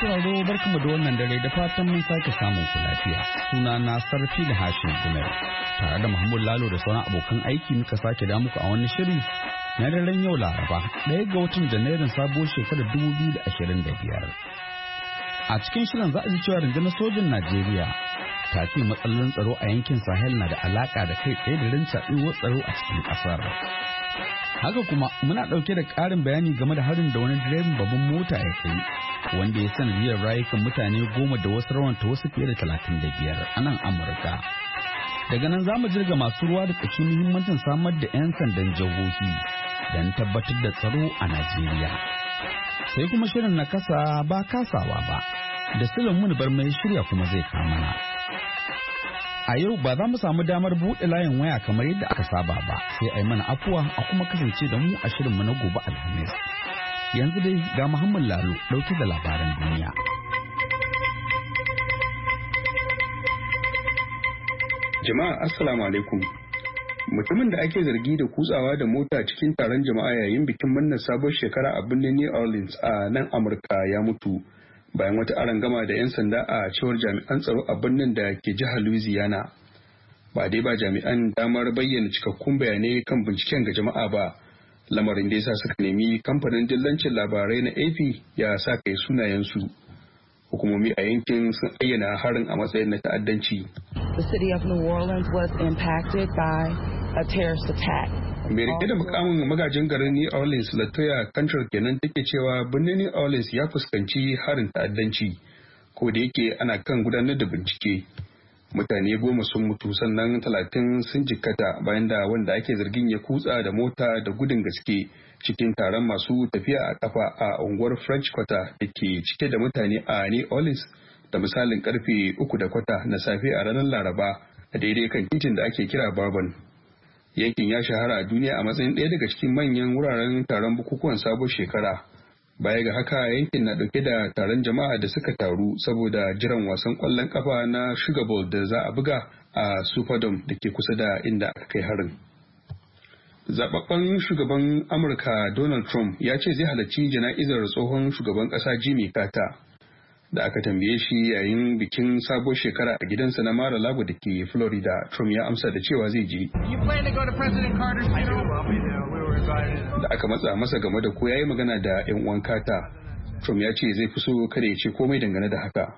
sauraro kuma da wannan dare da fatan mun sake samun su lafiya. Suna na sarfi da hashin gumel. Tare da Muhammad Lalo da sauran abokan aiki muka sake da muku a wani shiri na daren yau Laraba ɗaya ga watan Janairun sabuwar shekarar dubu biyu da ashirin da biyar. A cikin shirin za a ji cewa rundunar sojin Najeriya ta ce matsalolin tsaro a yankin Sahel na da alaka da kai tsaye da rinca rincaɗewar tsaro a cikin ƙasar. Haka kuma muna ɗauke da ƙarin bayani game da harin da wani direban babban mota ya kai wanda ya sanadiyar rayukan mutane goma da wasu ta wasu fiye da talatin da biyar a nan amurka daga nan za mu jirga masu ruwa da tsaki muhimmancin samar da 'yan sandan jihohi don tabbatar da tsaro a najeriya sai kuma shirin na kasa ba kasawa ba da silin muni bar mai shirya kuma zai kamana a yau ba za mu samu damar buɗe layin waya kamar yadda aka saba ba sai a yi mana afuwa a kuma kasance da mu a shirin mu na gobe alhamis Yanzu dai ga Muhammad Lalo ɗauke da labaran duniya. Jama'a Assalamu alaikum. Mutumin da ake zargi da kutsawa da mota cikin taron jama'a yayin bikin manna sabon shekara a birnin New Orleans a nan Amurka ya mutu bayan wata arangama da 'yan sanda a cewar jami'an tsaro a birnin da ke jihar Louisiana. Ba dai ba jami'an damar bayyana cikakkun bayanai kan binciken ga jama'a ba. lamarin da yasa suka nemi kamfanin dillancin labarai na AP ya sa kai sunayensu. Hukumomi a yankin sun ayyana harin a matsayin na ta'addanci. The city of New Orleans was impacted by a terrorist attack. Mai rike da mukamin magajin garin New Orleans Latoya Kantar kenan take cewa birnin New Orleans ya fuskanci harin ta'addanci ko da yake ana kan gudanar da bincike. mutane goma sun mutu sannan talatin sun jikkata bayan da wanda ake zargin ya kutsa da mota da gudun gaske cikin taron masu tafiya a kafa a unguwar french quarter da ke cike da mutane a new orleans da misalin karfe uku da kwata na safe a ranar laraba a daidai kan titin da ake kira bourbon yankin ya shahara a duniya a matsayin ɗaya daga cikin manyan wuraren taron bukukuwan sabon shekara Baya ga haka yankin na ɗauke da taron jama'a da suka taru saboda jiran wasan ƙwallon ƙafa na Sugar Bowl da za a buga a Superdome da ke kusa da inda aka kai harin. Zababben shugaban Amurka Donald Trump ya ce zai halarci jana'izar tsohon shugaban ƙasa Jimmy Carter da aka tambaye shi yayin bikin sabuwar shekara a gidansa na mara lago da ke florida trump ya amsa da cewa zai je da aka matsa masa game da ko yayi magana da 'yan uwan kata trump ya ce zai fi so kada ya ce komai dangane da haka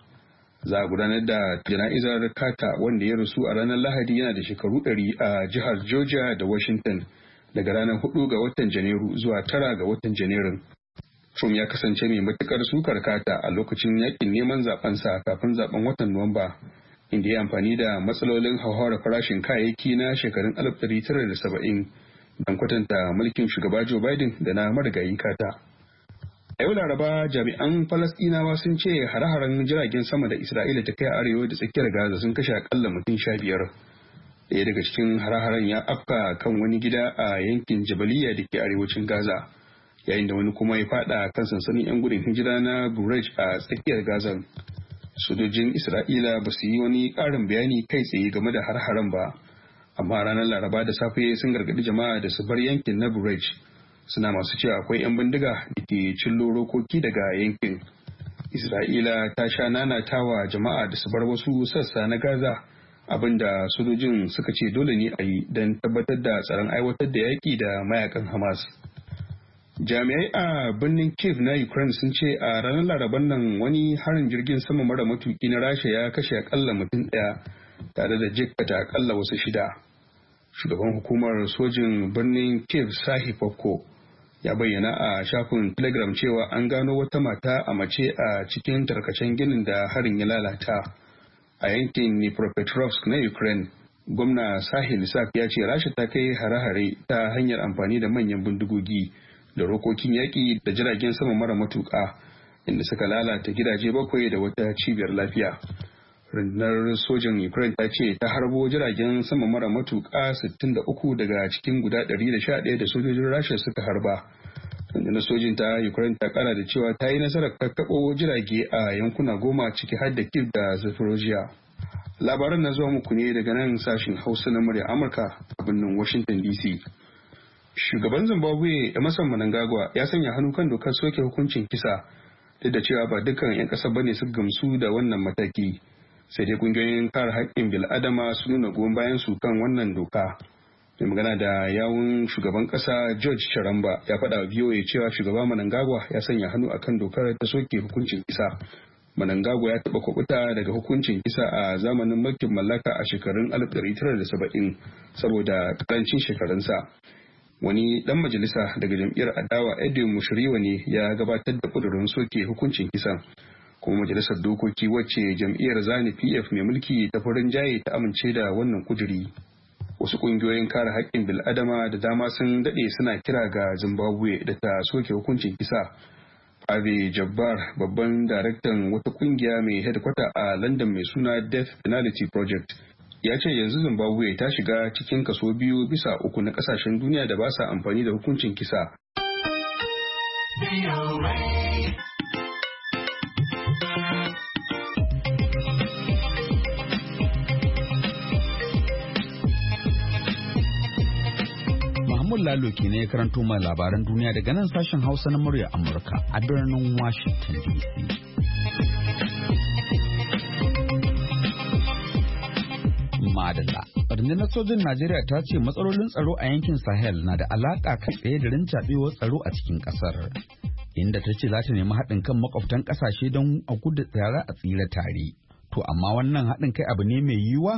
za a gudanar da jana'izar kata wanda ya rasu a ranar lahadi yana da shekaru 100 a jihar georgia da washington daga ranar 4 ga watan janairu zuwa 9 ga watan janairun Trump ya kasance mai matukar sukar kata a lokacin yakin neman zabensa kafin zaben watan Nuwamba, inda ya amfani da matsalolin hauhawar farashin kayayyaki na shekarun 1970 don kwatanta mulkin shugaba Joe Biden da na marigayi kata. A yau Laraba jami'an Falasɗinawa sun ce hare-haren jiragen sama da Isra'ila ta kai a arewa da tsakiyar Gaza sun kashe akalla mutum sha biyar. Ɗaya daga cikin hare-haren ya afka kan wani gida a yankin Jabaliya da ke arewacin Gaza, yayin da wani kuma ya faɗa kan sansanin 'yan gudun hijira na Burej a tsakiyar Gaza. Sojojin Isra'ila ba su yi wani ƙarin bayani kai tsaye game da hare haren ba. amma ranar laraba da safe sun gargaɗi jama'a da su bar yankin na bridge suna masu cewa akwai 'yan bindiga da ke cillo rokoki daga yankin isra'ila ta sha nanatawa jama'a da su bar wasu sassa na gaza abinda sojojin suka ce dole ne a yi don tabbatar da tsaron aiwatar da yaƙi da mayakan hamas jami'ai a birnin kiev na ukraine sun ce a ranar laraban nan wani harin jirgin sama mara matuki na rasha ya kashe akalla mutum ɗaya tare da jikkata akalla wasu shida shugaban hukumar sojin birnin kiv sahi fokko ya bayyana a shafin telegram cewa an gano wata mata a mace a cikin tarkacen ginin da harin ya lalata a yankin dnipropetrovsk na ukraine gwamna sahi lissaf ya ce rasha ta kai hare-hare ta hanyar amfani da manyan bindigogi da rokokin yaƙi da jiragen sama mara matuƙa inda suka lalata gidaje bakwai da wata cibiyar lafiya rundunar sojan ukraine ta ce ta harbo jiragen sama mara matuƙa 63 daga cikin guda 111 da sojojin rasha suka harba rundunar sojin ta ukraine ta kara da cewa ta yi nasarar kakkaɓo jirage a yankuna goma ciki har da kif da zaporozhia labaran na zuwa muku ne daga nan sashen hausa na murya amurka a birnin washington dc shugaban zimbabwe emerson manangagwa ya sanya hannu kan dokar soke hukuncin kisa duk da cewa ba dukkan 'yan ƙasa bane su gamsu da wannan mataki sai dai kungiyoyin kare haƙƙin bil'adama su nuna goyon bayan su kan wannan doka mai magana da yawun shugaban ƙasa george charamba ya faɗa wa voa cewa shugaba manangagwa ya sanya hannu akan dokar ta soke hukuncin kisa manangagwa ya taɓa kwakuta daga hukuncin kisa a zamanin mulkin mallaka a shekarun 1970 saboda ƙarancin shekarunsa wani dan majalisa daga jam'iyyar adawa edwin mushriwa ne ya gabatar da kudurin soke hukuncin kisan kuma majalisar dokoki wacce jam'iyyar zani pf mai mulki ta farin jaye ta amince da wannan kuduri wasu kungiyoyin kare haƙƙin bil'adama da dama sun daɗe suna kira ga zimbabwe da ta soke hukuncin kisa Ave Jabbar babban daraktan wata kungiya mai hedkwata a London mai suna Death Penalty Project ya ce yanzu Zimbabwe ta shiga cikin kaso biyu bisa uku na kasashen duniya da ba sa amfani da hukuncin kisa. Mahmud Lalo ke ne ya karanto mai labaran duniya daga nan sashen Hausa na murya Amurka a birnin Washington DC. Madalla. Rundunar sojin Najeriya ta ce matsalolin tsaro a yankin Sahel na da alaƙa kai tsaye da rincaɓewar tsaro a cikin ƙasar. Inda ta ce za ta nemi haɗin kan makwabtan ƙasashe don a gudu tsara a tsira tare. To amma wannan haɗin kai abu ne mai yiwuwa?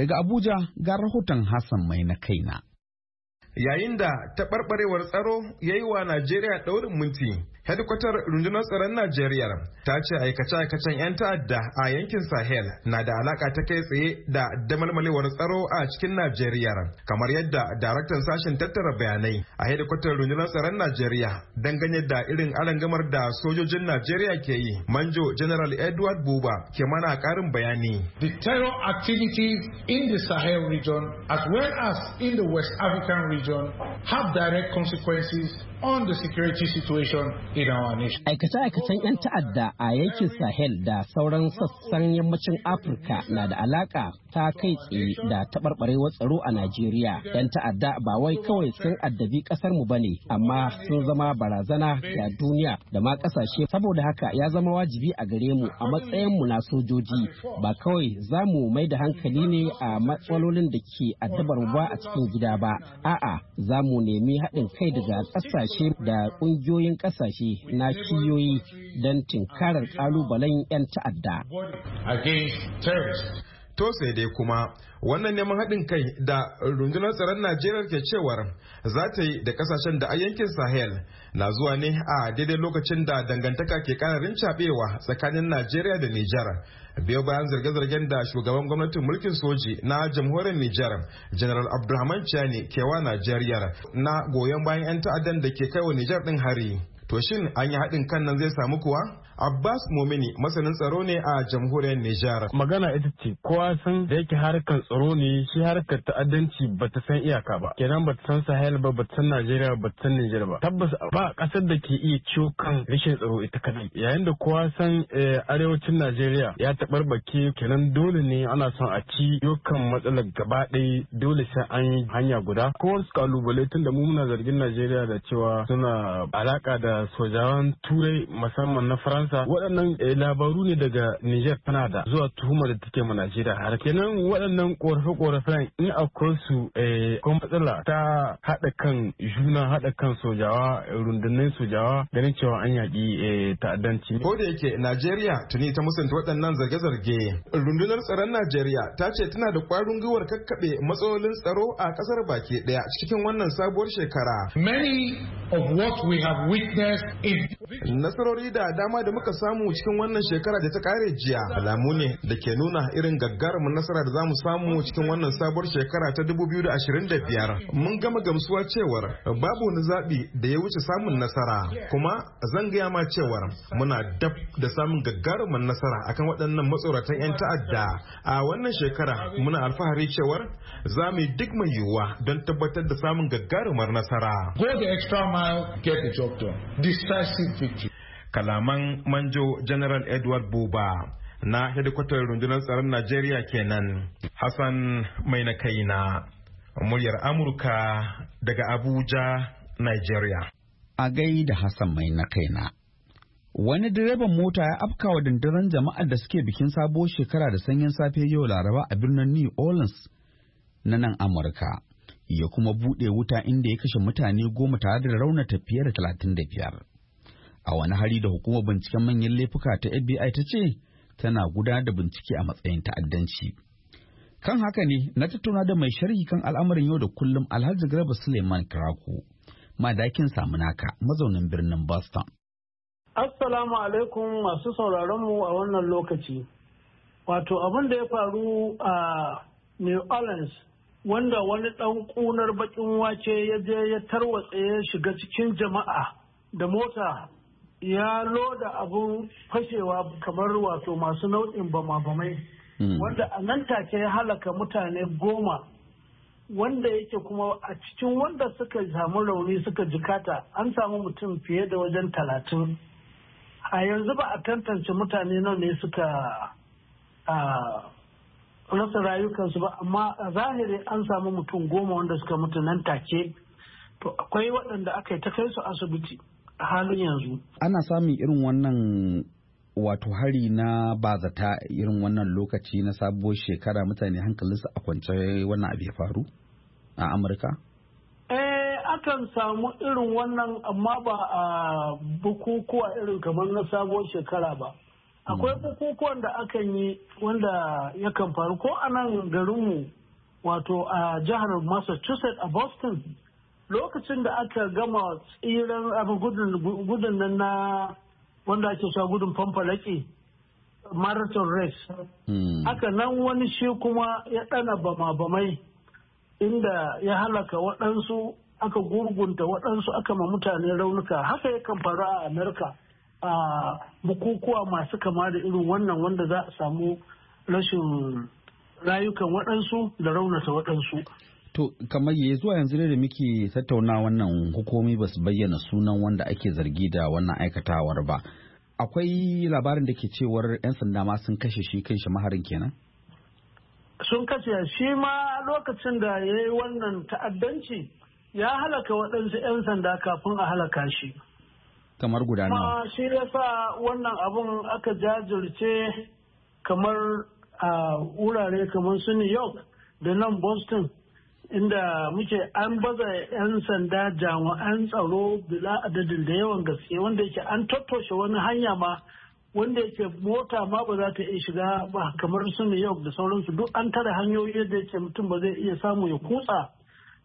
Daga Abuja ga rahoton Hassan mai na kaina. yayin da taɓarɓarewar tsaro ya yi wa Najeriya ɗaurin minti. hedikwatar rundunar tsaron najeriya ta ce aikace-aikacen 'yan ta'adda a yankin sahel na da alaka ta kai tsaye da damalmalewar tsaro a cikin najeriya kamar yadda daraktan sashen tattara bayanai a hedikwatar rundunar tsaron najeriya dangane da irin alangamar da sojojin najeriya ke yi manjo general edward buba ke mana karin bayani the terror activities in the sahel region as well as in the west african region have direct consequences on the security situation in our nation. Aikace-aikacen 'yan ta'adda a yankin Sahel da sauran sassan yammacin Afirka na da alaka ta kai tsaye da taɓarɓarewar tsaro a Najeriya. 'Yan ta'adda ba wai kawai sun addabi ƙasar mu bane, amma sun zama barazana ga duniya da ma ƙasashe. Saboda haka ya zama wajibi a gare mu a matsayin mu na sojoji ba kawai za mu mai da hankali ne a matsalolin da ke addabar mu ba a cikin gida ba. A'a, za mu nemi haɗin kai daga ƙasashe kasashe da ƙungiyoyin ƙasashe na kiyoyi don tinkarar ƙalubalen 'yan ta'adda. To sai dai kuma wannan neman haɗin kai da rundunar tsaron Najeriya ke cewar za ta yi da kasashen da a yankin Sahel na zuwa ne a daidai lokacin da dangantaka ke kanarin cabewa tsakanin Najeriya da Nijar. Biyo bayan zirge-zirgen da shugaban gwamnatin mulkin soji na jamhuriyar Nijar, General Abdulrahman Chani kewa Najeriya na goyon bayan 'yan ta'addan da ke kai wa Nijar din hari. To shin an yi haɗin kan nan zai samu kuwa? Abbas Momini masanin tsaro ne a jamhuriyar Nijar. Magana ita ce kowa san da yake harkar tsaro ne shi harkar ta'addanci ba ta san iyaka ba. Kenan ta san Sahel ba ta san Najeriya ta san Nijar ba. Tabbas ba ƙasar da ke iya ciwo kan rashin tsaro ita kadai. Yayin da kowa san eh, arewacin Najeriya ya taɓarɓake kenan dole ne ana son a ci yokan matsalar gaba ɗaya dole sai an yi hanya guda. Kowa su kalubale tun da mu muna zargin Najeriya da cewa suna alaƙa da sojawan turai musamman na faransa waɗannan eh, labaru ne daga niger da zuwa tuhumar da take mu najeriya har kenan waɗannan korafe korafe in akwai su eh, kuma matsala ta haɗa kan juna haɗa kan sojawa rundunar sojawa ganin cewa an yaƙi eh, ta'addanci. ko da yake najeriya tuni ta musanta waɗannan zarge-zarge rundunar tsaron najeriya ta ce tana da ƙwarin gwiwar kakkaɓe matsalolin tsaro a ƙasar baki ɗaya cikin wannan sabuwar shekara. many of what we have witnessed Nasarori da dama da muka samu cikin wannan shekara da ta kare jiya alamu ne da ke nuna irin gaggarumin nasara da zamu samu cikin wannan sabuwar shekara ta 2025. Mun gama gamsuwa cewar babu wani zaɓi da ya wuce samun nasara kuma zan gaya ma cewar muna dab da samun gaggarumin nasara akan waɗannan matsoratan 'yan ta'adda a wannan shekara muna alfahari cewar za mu yi duk mai yiwuwa don tabbatar da samun gaggarumar nasara. Go the extra mile, get the job decisive victory. Kalaman Manjo General Edward Buba na hedikwatar rundunar tsaron Najeriya kenan Hassan mai na kaina muryar Amurka daga Abuja, Nigeria. A da Hassan mai na kaina. Wani direban mota ya afka wa dandaren jama'ar da suke bikin sabuwar shekara da sanyin safe yau Laraba a birnin New Orleans na nan Amurka. ya kuma buɗe wuta inda ya kashe mutane goma tare da raunata fiye da talatin da biyar. A wani hari da hukumar binciken manyan laifuka ta FBI ta ce tana gudanar da bincike a matsayin ta'addanci. Kan haka ne na tattauna da mai sharhi kan al'amarin yau da kullum Alhaji Garba Suleiman dakin madakin naka mazaunin birnin Boston. Assalamu alaikum masu sauraron mu a wannan lokaci. Wato abin da ya faru a New Orleans wanda wani ɗan ƙunar baƙin wace ya je ya tarwatse ya shiga cikin jama'a da mota ya loda abun fashewa kamar wato masu nau'in bama-bamai hmm. wanda a nan take ya halaka mutane goma wanda yake kuma a cikin wanda suka samu rauni suka jikata an samu mutum fiye da wajen talatin a yanzu ba a tantance mutane nan ne suka ah, rasa rayukansu ba amma a zahiri an samu mutum goma wanda suka mutu nan take to akwai waɗanda aka yi ta kai su asibiti a halin yanzu ana samun irin wannan wato hari na bazata irin wannan lokaci na sabuwar shekara mutane hankalinsu a kwance wannan abu ya faru a amurka eh, akan samu irin wannan amma ba a bukukuwa irin kamar na sabuwar shekara ba akwai hmm. bukukuwan da akan yi wanda yakan faru ko a nan garinmu wato a jihar massachusetts a boston lokacin da aka gama tsiran abin gudun nan na wanda ake sa gudun famfalaki marathon race hmm. aka nan wani shi kuma ya ɗana bama-bamai inda ya halaka waɗansu aka gurgunta waɗansu aka ma mutane raunuka haka yakan faru a Amurka. a bukukuwa masu kama da irin wannan wanda za a samu rashin rayukan waɗansu da raunata waɗansu. To kamar ya zuwa yanzu ne da muke tattauna wannan hukumi ba su bayyana sunan wanda ake zargi da wannan aikatawar ba. Akwai labarin da ke cewar 'yan sanda ma sun kashe shi kan shi maharin kenan? Sun kashe shi ma lokacin da ya yi wannan ta'addanci ya halaka waɗansu 'yan sanda kafin a halaka shi. kamar guda nawa shi ya sa wannan abun aka jajirce kamar a wurare kamar su new york da nan boston inda muke an baza 'yan sanda jami'an tsaro bila adadin da yawan gaske wanda yake an tattoshe wani hanya ma wanda yake mota ma ba za ta iya shiga ba kamar su new york da sauransu duk an tara hanyoyi da yake mutum ba zai iya samu ya kutsa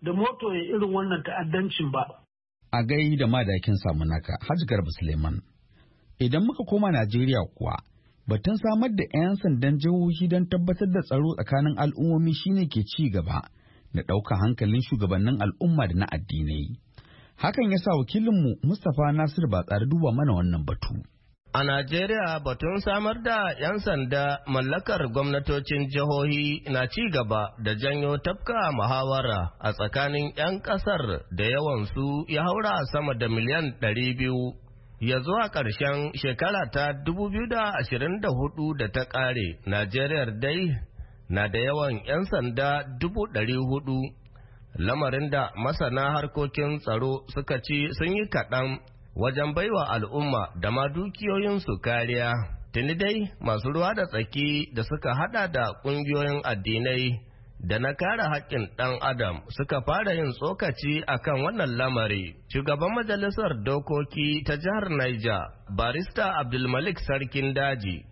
da moto ya irin wannan ta'addancin ba a gai da madakin samunaka Hajji Garba Suleiman. Idan muka koma Najeriya kuwa, batun samar da 'yan sandan jihohi don tabbatar da tsaro tsakanin al'ummomi shine ke ci gaba da ɗaukar hankalin shugabannin al'umma da na addinai. Hakan ya sa wakilinmu Mustapha Nasir ba tsari duba mana wannan batu. A Najeriya batun samar da 'yan sanda mallakar gwamnatocin jihohi na ci gaba da janyo tafka muhawara a tsakanin 'yan ƙasar da yawansu ya haura sama da miliyan 200. Ya zuwa ƙarshen shekara ta 2024 da ta ƙare, najeriya dai na da yawan 'yan sanda 400, lamarin da masana harkokin tsaro suka ci sun yi kaɗan. wajen baiwa al'umma da ma dukiyoyinsu kariya. Tuni dai masu ruwa da tsaki da suka hada da ƙungiyoyin addinai da na kare haƙƙin ɗan adam suka fara yin tsokaci a kan wannan lamari. Shugaban majalisar dokoki ta jihar Niger, barista Abdulmalik Sarkin Daji,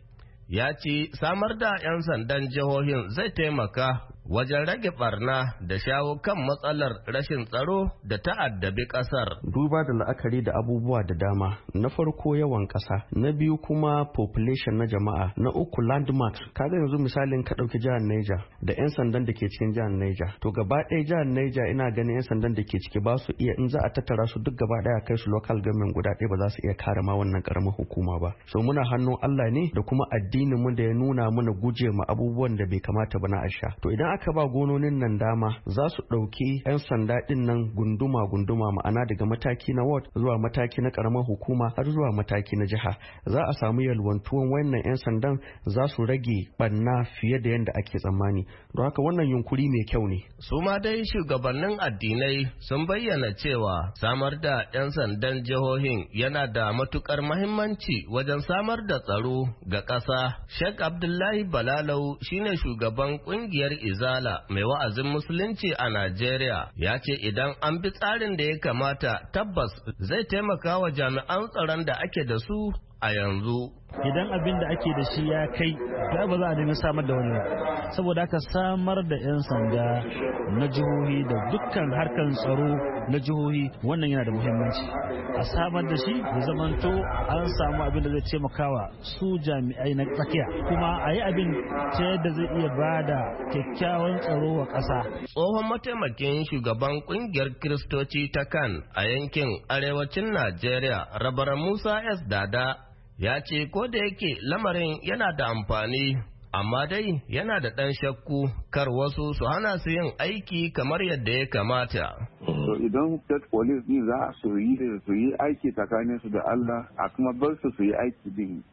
ya ci samar da 'yan sandan jihohin zai taimaka wajen rage barna da shawo kan matsalar rashin tsaro da ta'addabi kasar. Duba da la'akari da abubuwa da dama, na farko yawan kasa, na biyu kuma population na jama'a, na uku landmark. Kaga yanzu misalin ka ɗauki jihar Niger da 'yan sandan da ke cikin jihar Niger. To gaba ɗaya jihar Niger ina ganin 'yan sandan da ke ciki ba su iya in za a tattara su duk gaba ɗaya kai su local government guda ɗaya ba za su iya kare ma wannan karamar hukuma ba. So muna hannun Allah ne da kuma addinin mu da ya nuna mana guje ma abubuwan da bai kamata ba na asha. To idan aka ba gononin nan dama za su ɗauki 'yan sanda ɗin nan gunduma-gunduma ma'ana daga mataki na ward zuwa mataki na ƙaramar hukuma har zuwa mataki na jiha za a samu yalwantuwan wannan 'yan sandan za su rage ɓanna fiye da yadda ake tsammani don haka wannan yunkuri mai kyau ne. su ma dai shugabannin addinai sun bayyana cewa samar da 'yan sandan jihohin yana da matukar mahimmanci wajen samar da tsaro ga ƙasa. shek Abdullahi Balalau shine shugaban ƙungiyar Izal Zala mai wa'azin musulunci a Najeriya ya ce idan an bi tsarin da ya kamata tabbas zai taimaka wa jami'an tsaron da ake da su a yanzu. idan abin da ake da shi ya kai to ba za a nemi samar da wani ba saboda aka samar da 'yan sanda na jihohi da dukkan harkar tsaro na jihohi wannan yana da muhimmanci a samar da shi da zamanto an samu abin da zai taimakawa su jami'ai na tsakiya kuma a yi abin ta yadda zai iya ba da kyakkyawan tsaro wa ƙasa tsohon mataimakin shugaban kungiyar kiristoci ta kan a yankin arewacin najeriya rabar musa s dada ya ce ko da yake lamarin yana da amfani amma dai yana da ɗan shakku kar wasu su hana su yin aiki kamar yadda ya kamata. idan state police din za su yi su yi aiki tsakanin su da Allah a kuma bar su su yi aiki din.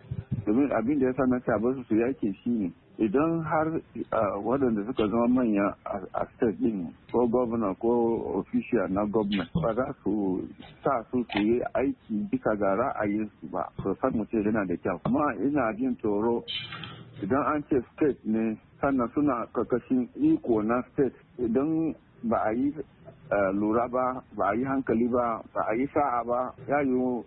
Domin abin da ya sa na ta bar su su yi aiki shine idan har waɗanda suka zama manya a state din ko governor ko official na government ba za su sa su su yi aiki bisa ga ayi. ba so san mu ce yana da kyau amma ina jin tsoro idan an ce state ne sannan suna kakashin iko na state idan ba a yi lura ba ba a yi hankali ba ba a yi sa'a ba ya yi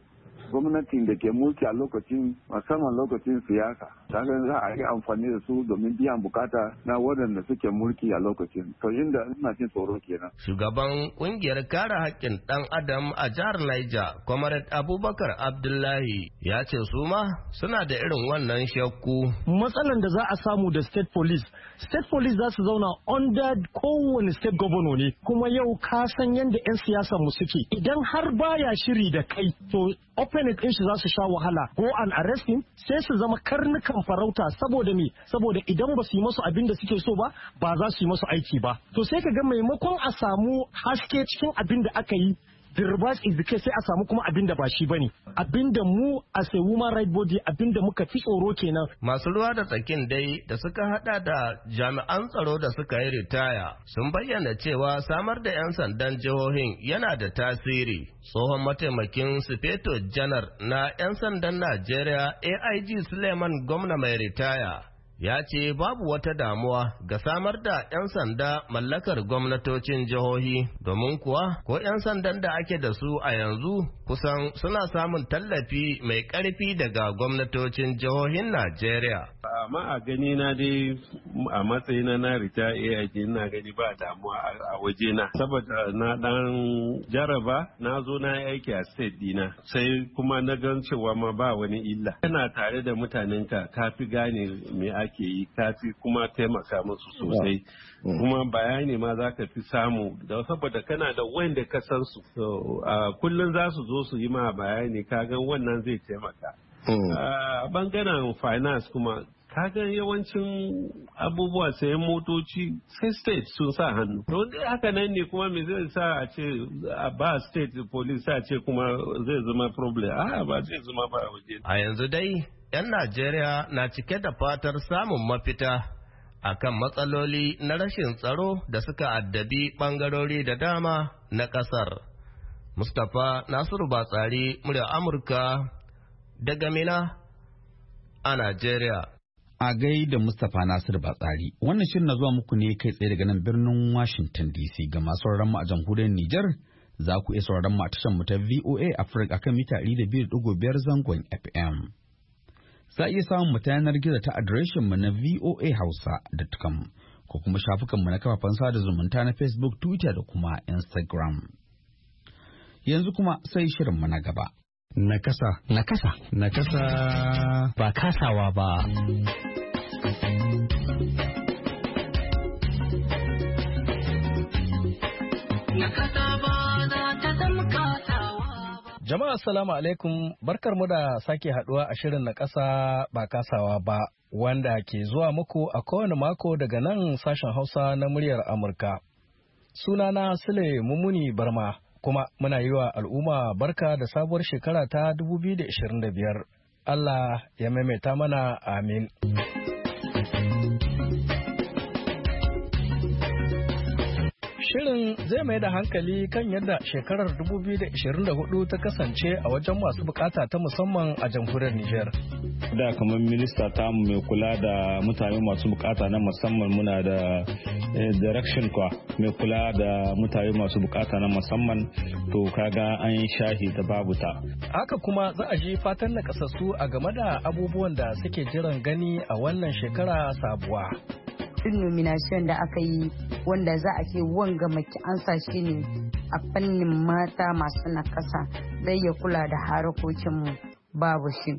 gwamnatin da ke mulki a lokacin musamman lokacin siyasa kaga za a yi amfani da su domin biyan bukata na waɗanda suke mulki a lokacin to inda ina cin tsoro kenan shugaban kungiyar kare haƙƙin ɗan adam a jihar Niger Comrade Abubakar Abdullahi ya ce su ma suna da irin wannan shakku matsalan da za a samu da state police state police za su zauna under kowane state governor ne kuma yau ka san yadda 'yan siyasa mu suke idan har baya shiri da kai to open in shi za su sha wahala ko an arrest him sai su zama karnukan farauta saboda me saboda idan ba su yi masu abin da suke so ba ba za su yi masu aiki ba to sai ka ga maimakon a samu haske cikin abin da aka yi the is the case sai a samu kuma abin da ba shi bane abin da mu a sai human right body abin da muka fi tsoro kenan masu ruwa da tsakin dai da suka hada da jami'an tsaro da suka yi ritaya sun bayyana cewa samar da 'yan sandan jihohin yana da tasiri tsohon mataimakin sufeto janar na 'yan sandan najeriya aig suleiman gwamna mai ritaya ya ce babu wata damuwa ga samar da 'yan sanda mallakar gwamnatocin jihohi domin kuwa ko 'yan sandan da ake da su a yanzu kusan suna samun tallafi mai ƙarfi daga gwamnatocin jihohin Najeriya. Amma a gani na dai a matsayin na rita AIG na gani ba damuwa a waje na. Saboda na dan jaraba na zo na aiki a state dina sai kuma na gan cewa ma ba wani illa. yana tare da mutanenka ka fi gane me ake yi ta fi kuma taimaka musu sosai mm. kuma bayani ma za ka fi samu da saboda kana da wanda ka san su kullum za su zo su yi ma bayani kagan wannan zai taimaka mm. a bangaren finance kuma kaga yawancin abubuwa sayan motoci sai state sun sa hannu to dai haka nan ne kuma me zai sa a ce a ba state police a ce kuma zai zama problem a ba zai zama ba waje a yanzu dai yan Najeriya na cike da fatar samun mafita a kan matsaloli na rashin tsaro da suka addabi bangarori da dama na ƙasar Mustapha Nasiru Batsari murya Amurka daga Mina a Najeriya A da Mustapha Nasir Batsari, wannan shirin na zuwa muku ne kai tsaye daga nan birnin Washington DC ga masu mu a jamhuriyar Nijar za ku iya sauraron mu a tashar mu ta VOA Africa akan mita 200.5 zangon FM. Za iya samun mu ta yanar gizo ta adireshin mu na voahausa.com ko kuma shafukan mu na kafafen sada zumunta na Facebook, Twitter da kuma Instagram. Yanzu kuma sai shirin mu na gaba. Nakasa. Nakasa. Nakasa. Ba kasawa ba. Jama'a salamu alaikum barkar mu da sake haduwa a shirin na ƙasa ba kasawa ba wanda ke zuwa muku a kowane mako daga nan sashen Hausa na muryar Amurka. Sunana Sule Mumuni Barma kuma muna yi wa al'umma barka da sabuwar shekara ta 2025. Allah ya maimaita mana amin. Shirin zai mai da hankali kan yadda shekarar 2024 ta kasance a wajen masu bukata ta musamman a jamhuriyar Nijar. Da kamar minista ta mai kula da mutane masu bukata na musamman muna da eh, direction kwa mai kula da mutane masu bukata na musamman to kaga an shahi ta babu ta. Haka kuma za a ji fatan na kasassu a game da abubuwan da suke jiran gani a wannan shekara sabuwa. tun nomination da aka yi wanda za a ce wanga maki an shi ne a fannin mata masu nakasa zai ya kula da harakokinmu babu shi.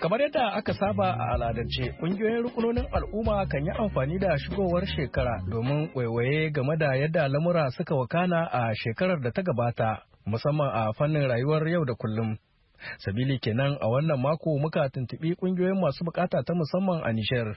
kamar yadda aka saba a al'adance kungiyoyin rukunonin al'umma kan yi amfani da shigowar shekara domin waiwaye game da yadda lamura suka wakana a shekarar da ta gabata musamman a fannin rayuwar yau da kullum Sabili kenan a wannan mako muka tuntuɓi ƙungiyoyin masu bukata ta musamman a Nishar.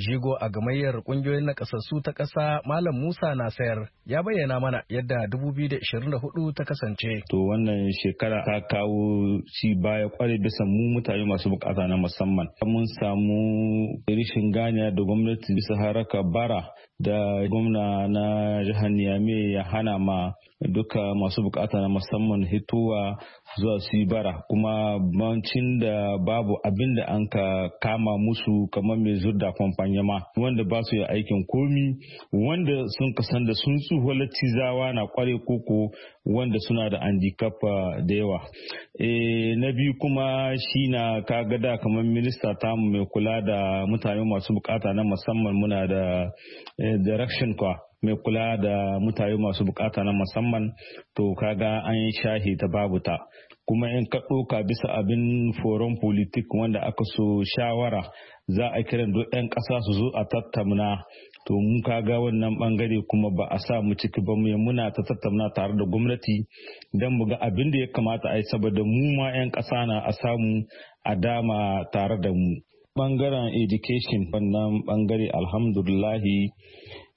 Jigo a gamayyar ƙungiyoyin nakasassu ta ƙasa Malam Musa Nasayar ya bayyana mana yadda 2024 ta kasance. To wannan shekara ta kawo ci baya kwarai bisa mu mutane masu bukata na musamman. Mun samu rishin ganiya da gwamnati bisa haraka bara da gwamna na jihar Niyame ya hana ma duka masu bukata na musamman hituwa zuwa su yi bara kuma bancin da babu abin da an ka kama musu kamar mai zurda ma. wanda ba su yi aikin komi wanda sun kasan da sun tsuhuwar cizawa na kware koko wanda suna da andikafa ah, da yawa. E, na biyu kuma shi na kaga da kamar minista tamu mai kula da mutane masu bukata na musamman muna da eh, direction kwa. mai kula da mutane masu bukata na musamman to kaga an shahi ta babu ta kuma in ka ɗoka bisa abin foron politik wanda aka so shawara za a kiran duk 'yan ƙasa su zo a tattauna to mun kaga wannan bangare kuma ba a sa mu ciki ba mu muna ta tattauna tare da gwamnati don mu ga abin da ya kamata a yi saboda mu ma 'yan ƙasa na a samu a dama tare da mu bangaren education wannan bangare alhamdulillahi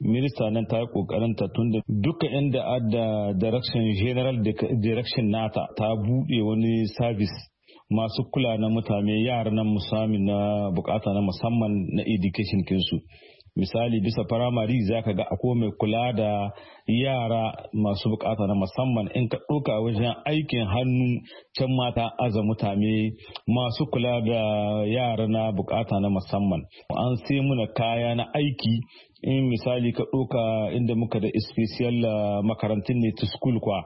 minista nan ta yi kokarin ta tunda duka inda da adda direction general direction nata ta buɗe wani service masu kula na mutane yara na musamman na bukata na musamman na education kinsu misali bisa firamare za ka ga akwai mai kula da yara masu bukata na musamman in ka ɗauka wajen aikin hannu can mata aza mutane masu kula da yara na bukata na musamman an sai muna kaya na aiki in misali ka ɗauka inda muka da special eh, makarantun ne ta school kwa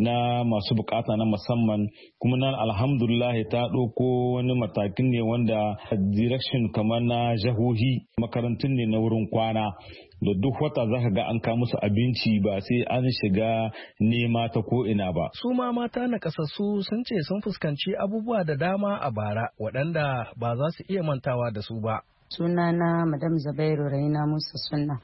na masu bukata na musamman kuma nan alhamdulillah ta ɗauko wani matakin ne wanda direction kamar na jahohi makarantun ne na wurin kwana da duk wata za ga an ka musu abinci ba sai an shiga nema ta ko ina ba. Su ma mata na kasassu sun ce sun fuskanci abubuwa da dama a bara waɗanda ba za su iya mantawa da su ba. Sunana Madam Zabairu Raina Musa Sunna,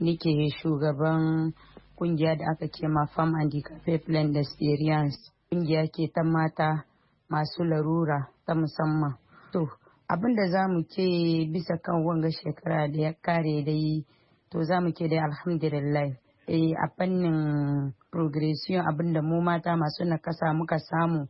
nike shugaban kungiya da aka ce ma Farm and Decapiplane Experience. Kungiya ke ta mata masu larura ta musamman. To, abin da za mu ke bisa kan wanga shekara da ya kare dai, to za mu ke dai alhamdulillah. E, a fannin progression abin da mu mata masu nakasa muka samu,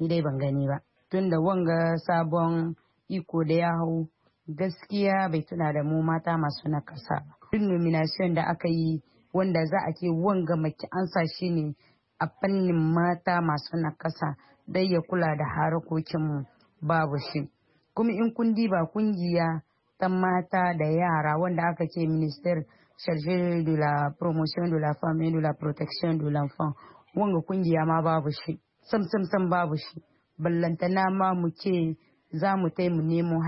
ni dai ban gani ba. Tunda wanga sabon iko da ya hau gaskiya bai tuna da mu mata masu nakasa. Duk nomination da aka yi wanda za a ke wanga mace an sa shi ne a fannin mata masu nakasa dai ya kula da harakokinmu babu shi kuma in kundi ba kungiya ta mata da yara wanda aka ce minister charge de la promotion de la femme et de la protection de l'enfant wanga kungiya ma babu shi sam sam sam babu shi ballantana ma mu ce za mu tai mu nemo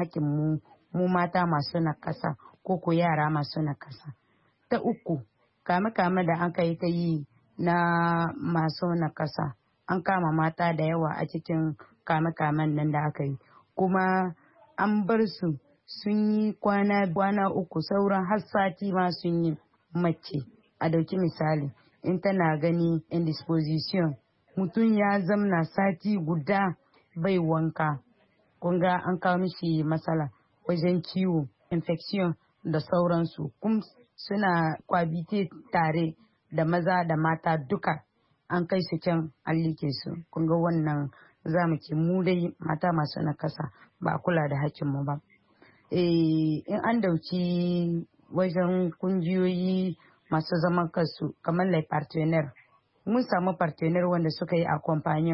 mu mata masu nakasa ko ko yara masu nakasa ta uku kame-kame da aka yi ta yi na masu na kasa an kama mata da yawa a cikin kame-kamen nan da aka yi kuma an bar su sun yi kwana uku sauran har sati ma sun yi mace a dauki misali in tana gani indisposition mutum ya zamna sati guda bai wanka kunga an kawo mishi matsala wajen ciwo infection da sauransu suna kwabite tare da maza da mata duka an kai su can an liƙe su kun ga wannan za mu ke mu dai mata masu nakasa ba kula da mu ba eh, in an dauki wajen kungiyoyi masu zaman kansu kamar lai partenaire mun samu partenaire wanda suka yi a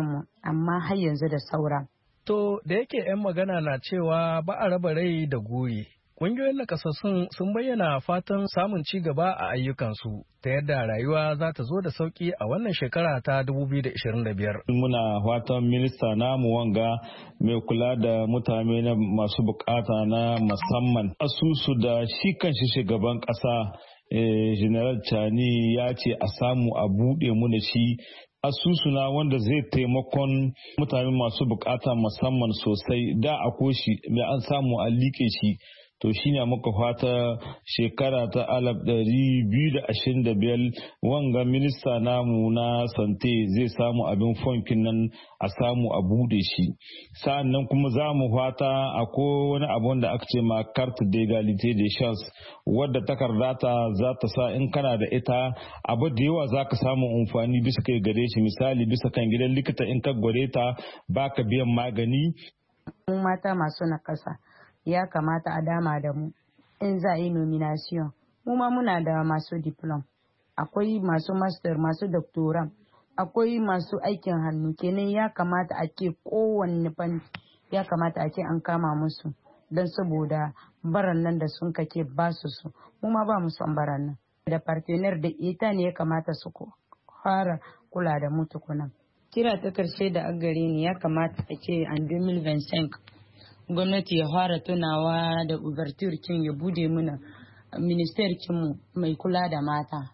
mu amma har yanzu da saura to da yake 'yan magana na cewa ba a raba rai da goyi Ƙungiyoyin nakasassun sun bayyana fatan samun ci gaba a ayyukansu ta yadda rayuwa za ta zo da sauƙi a wannan shekara ta 2025. Muna fatan minista namu wanga mai kula da mutane na masu bukata na musamman asusu da shi kanshi shugaban ƙasa eh, General Chani ya ce a samu a buɗe mu da shi na wanda zai taimakon mutane masu bukata musamman sosai da a koshi mai an samu a liƙe shi to shi ne muka fata shekara ta alaf ɗari biyu da ashirin da biyar wanga minista namu na sante zai samu abin fonkin nan a samu a bude shi sa'an nan kuma za mu fata akwai wani abu da aka ce ma carte d'égalité de chances wadda takarda ta za ta sa in kana da ita abu da yawa za ka samu amfani bisa kai gare shi misali bisa kan gidan likita in ka gware ta baka biyan magani mata masu nakasa ya kamata a dama da mu in za a yi nomination mu ma muna da masu diplom akwai masu master masu doctoram akwai masu aikin hannu kenan ya kamata a ke kowanne ya kamata a ce an kama musu don saboda baran nan da sun kake ba su su mu ma ba mu son baran nan da partner da ita ne ya kamata su fara kula da mu kira ta karshe da agare ne ya kamata a ce an 2025 gwamnati ya fara tunawa da ubartir kin ya bude mana minister kinmu mai kula da mata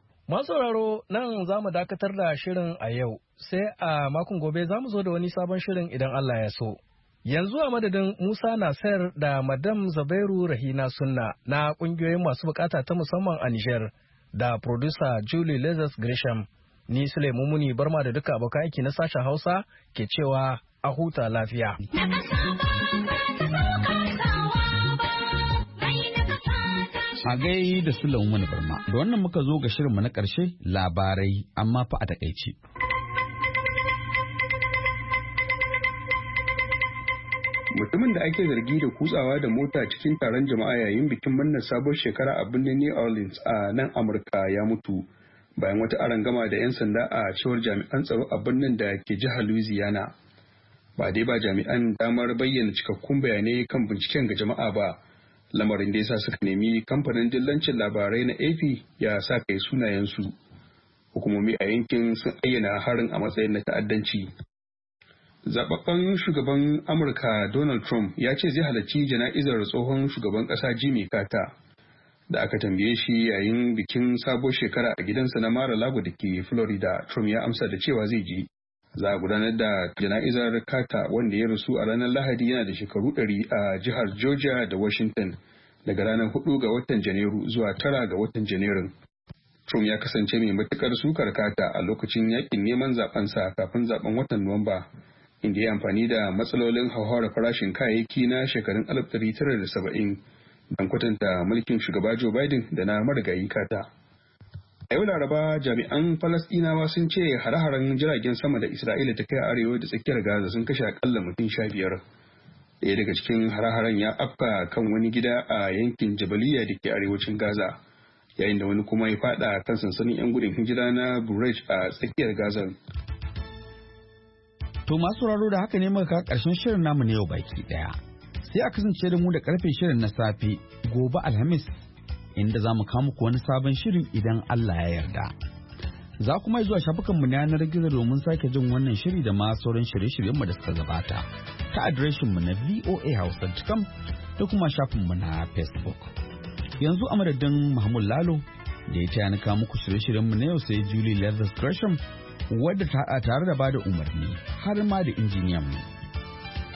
sauraro nan za mu dakatar da shirin a yau sai a makon gobe za mu zo da wani sabon shirin idan Allah ya so. Yanzu a madadin Musa Nasir da Madam Zabairu Rahina Sunna na ƙungiyoyin masu bukata ta musamman a Nijar da producer Julie Lazarus Grisham ni Sulaimu Muni barma da duka abokan aiki na sashen Hausa ke cewa a huta lafiya. A gai da Sulaiman Mani Barma, da wannan muka zo ga shirinmu na ƙarshe labarai amma fa a takaice. Mutumin da ake zargi da kutsawa da mota cikin taron jama'a yayin bikin murnar sabon shekara a birnin New Orleans a nan Amurka ya mutu bayan wata arangama da 'yan sanda a cewar jami'an tsaro a birnin da ke jihar Louisiana. Ba dai ba jami'an damar bayyana cikakkun bayanai kan binciken ga jama'a ba. lamarin da yasa suka nemi kamfanin dillancin labarai na AP ya sa kai sunayensu. Hukumomi a yankin sun ayyana harin a matsayin na ta'addanci. Zaɓaɓɓen shugaban Amurka Donald Trump ya ce zai halarci jana'izar tsohon shugaban ƙasa Jimmy Carter. Da aka tambaye shi yayin bikin sabo shekara a gidansa na Mara Lago da ke Florida, Trump ya amsa da cewa zai je. za a gudanar da jana'izar kata wanda ya rasu a ranar lahadi yana da shekaru ɗari a jihar georgia da washington daga ranar hudu ga watan janairu zuwa tara ga watan janairun trump ya kasance mai matukar sukar kata a lokacin yakin neman zabensa kafin zaben watan nuwamba inda ya amfani da matsalolin hauhawar farashin kayayyaki na shekarun 1970 don kwatanta mulkin shugaba joe biden da na marigayi kata A yau Laraba jami'an Falasɗinawa sun ce hare-haren jiragen sama da Isra'ila ta kai a arewa da tsakiyar Gaza sun kashe akalla mutum sha biyar. Ɗaya daga cikin hare-haren ya afka kan wani gida a yankin Jabaliya da ke arewacin Gaza, yayin da wani kuma ya faɗa kan sansanin 'yan gudun hijira na Burej a tsakiyar Gaza. To masu raro da haka ne muka ka ƙarshen shirin namu na yau baki ɗaya. Sai a kasance da mu da karfe shirin na safe gobe Alhamis inda za mu kawo muku wani sabon shirin idan Allah ya yarda. Za kuma zuwa shafukanmu na yanar gizo domin sake jin wannan shiri da ma sauran shirye-shiryenmu da suka gabata ta adireshinmu na voahausa.com da kuma shafinmu na Facebook. Yanzu a madadin Mahmud Lalo da ya taya na muku shirye-shiryenmu na yau sai Julie Leathers Gresham wadda ta haɗa tare da bada umarni har ma da injiniyan mu.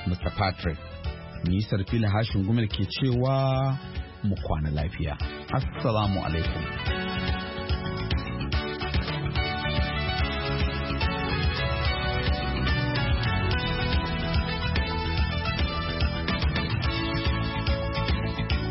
Mr. Patrick, nisar fila hashin gumel ke cewa mu kwana lafiya assalamu alaikum